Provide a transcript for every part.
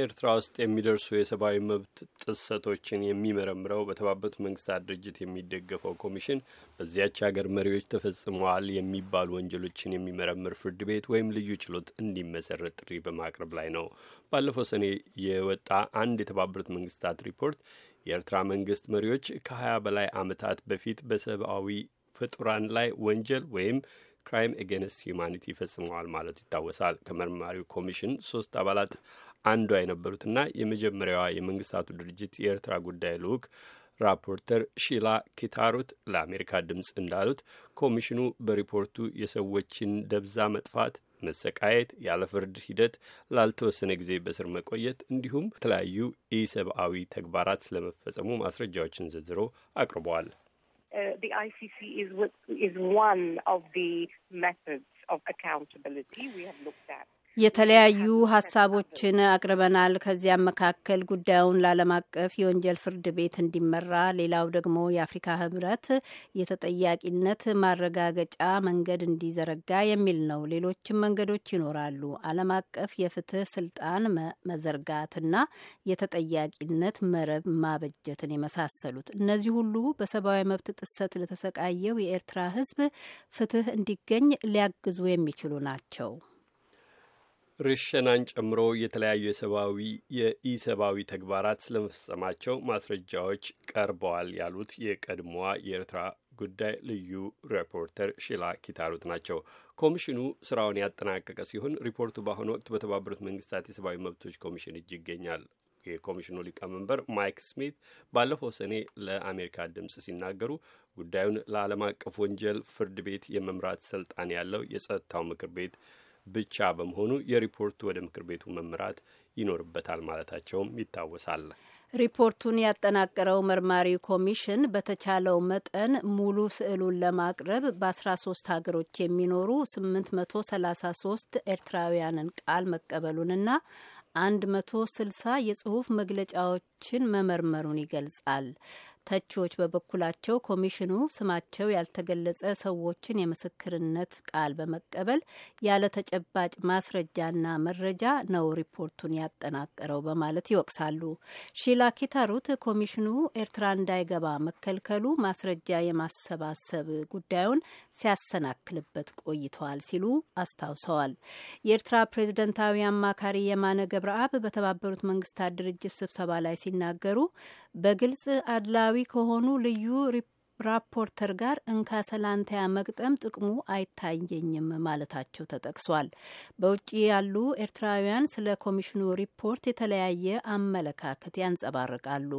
ኤርትራ ውስጥ የሚደርሱ የሰብአዊ መብት ጥሰቶችን የሚመረምረው በተባበሩት መንግስታት ድርጅት የሚደገፈው ኮሚሽን በዚያች ሀገር መሪዎች ተፈጽመዋል የሚባሉ ወንጀሎችን የሚመረምር ፍርድ ቤት ወይም ልዩ ችሎት እንዲመሰረት ጥሪ በማቅረብ ላይ ነው። ባለፈው ሰኔ የወጣ አንድ የተባበሩት መንግስታት ሪፖርት የኤርትራ መንግስት መሪዎች ከ20 በላይ ዓመታት በፊት በሰብአዊ ፍጡራን ላይ ወንጀል ወይም ክራይም ኤጌንስት ሂውማኒቲ ፈጽመዋል ማለቱ ይታወሳል። ከመርማሪው ኮሚሽን ሶስት አባላት አንዷ የነበሩትና የመጀመሪያዋ የመንግስታቱ ድርጅት የኤርትራ ጉዳይ ልዑክ ራፖርተር ሺላ ኪታሩት ለአሜሪካ ድምፅ እንዳሉት ኮሚሽኑ በሪፖርቱ የሰዎችን ደብዛ መጥፋት፣ መሰቃየት፣ ያለ ፍርድ ሂደት ላልተወሰነ ጊዜ በስር መቆየት እንዲሁም የተለያዩ ኢሰብአዊ ተግባራት ስለመፈጸሙ ማስረጃዎችን ዝርዝሮ አቅርበዋል። uh, the ICC is, is one of the methods of accountability we have looked at. የተለያዩ ሀሳቦችን አቅርበናል። ከዚያም መካከል ጉዳዩን ለዓለም አቀፍ የወንጀል ፍርድ ቤት እንዲመራ፣ ሌላው ደግሞ የአፍሪካ ሕብረት የተጠያቂነት ማረጋገጫ መንገድ እንዲዘረጋ የሚል ነው። ሌሎችም መንገዶች ይኖራሉ። ዓለም አቀፍ የፍትህ ስልጣን መዘርጋትና የተጠያቂነት መረብ ማበጀትን የመሳሰሉት እነዚህ ሁሉ በሰብአዊ መብት ጥሰት ለተሰቃየው የኤርትራ ሕዝብ ፍትህ እንዲገኝ ሊያግዙ የሚችሉ ናቸው። ርሸናን ጨምሮ የተለያዩ የሰብአዊ የኢሰብአዊ ተግባራት ስለመፈጸማቸው ማስረጃዎች ቀርበዋል ያሉት የቀድሞዋ የኤርትራ ጉዳይ ልዩ ሪፖርተር ሺላ ኪታሩት ናቸው። ኮሚሽኑ ስራውን ያጠናቀቀ ሲሆን ሪፖርቱ በአሁኑ ወቅት በተባበሩት መንግስታት የሰብአዊ መብቶች ኮሚሽን እጅ ይገኛል። የኮሚሽኑ ሊቀመንበር ማይክ ስሚት ባለፈው ሰኔ ለአሜሪካ ድምፅ ሲናገሩ ጉዳዩን ለዓለም አቀፍ ወንጀል ፍርድ ቤት የመምራት ስልጣን ያለው የጸጥታው ምክር ቤት ብቻ በመሆኑ የሪፖርቱ ወደ ምክር ቤቱ መምራት ይኖርበታል ማለታቸውም ይታወሳል። ሪፖርቱን ያጠናቀረው መርማሪ ኮሚሽን በተቻለው መጠን ሙሉ ስዕሉን ለማቅረብ በ13 ሀገሮች የሚኖሩ 833 ኤርትራውያንን ቃል መቀበሉንና 160 የጽሁፍ መግለጫዎችን መመርመሩን ይገልጻል። ተቺዎች በበኩላቸው ኮሚሽኑ ስማቸው ያልተገለጸ ሰዎችን የምስክርነት ቃል በመቀበል ያለ ተጨባጭ ማስረጃና መረጃ ነው ሪፖርቱን ያጠናቀረው በማለት ይወቅሳሉ። ሺላ ኪታሩት ኮሚሽኑ ኤርትራ እንዳይገባ መከልከሉ ማስረጃ የማሰባሰብ ጉዳዩን ሲያሰናክልበት ቆይተዋል ሲሉ አስታውሰዋል። የኤርትራ ፕሬዝደንታዊ አማካሪ የማነ ገብረአብ በተባበሩት መንግስታት ድርጅት ስብሰባ ላይ ሲናገሩ በግልጽ አድላ ኢትዮጵያዊ ከሆኑ ልዩ ራፖርተር ጋር እንካ ሰላንታያ መግጠም ጥቅሙ አይታየኝም ማለታቸው ተጠቅሷል። በውጭ ያሉ ኤርትራውያን ስለ ኮሚሽኑ ሪፖርት የተለያየ አመለካከት ያንጸባርቃሉ።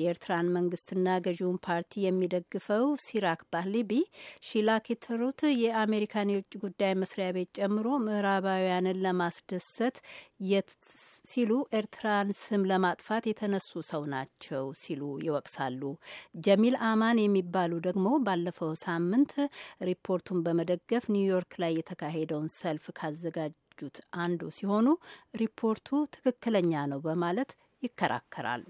የኤርትራን መንግስትና ገዢውን ፓርቲ የሚደግፈው ሲራክ ባህሊቢ ሺላኪተሩት የአሜሪካን የውጭ ጉዳይ መስሪያ ቤት ጨምሮ ምዕራባውያንን ለማስደሰት የት ሲሉ ኤርትራን ስም ለማጥፋት የተነሱ ሰው ናቸው ሲሉ ይወቅሳሉ። ጀሚል አማን የሚባሉ ደግሞ ባለፈው ሳምንት ሪፖርቱን በመደገፍ ኒውዮርክ ላይ የተካሄደውን ሰልፍ ካዘጋጁት አንዱ ሲሆኑ ሪፖርቱ ትክክለኛ ነው በማለት ይከራከራሉ።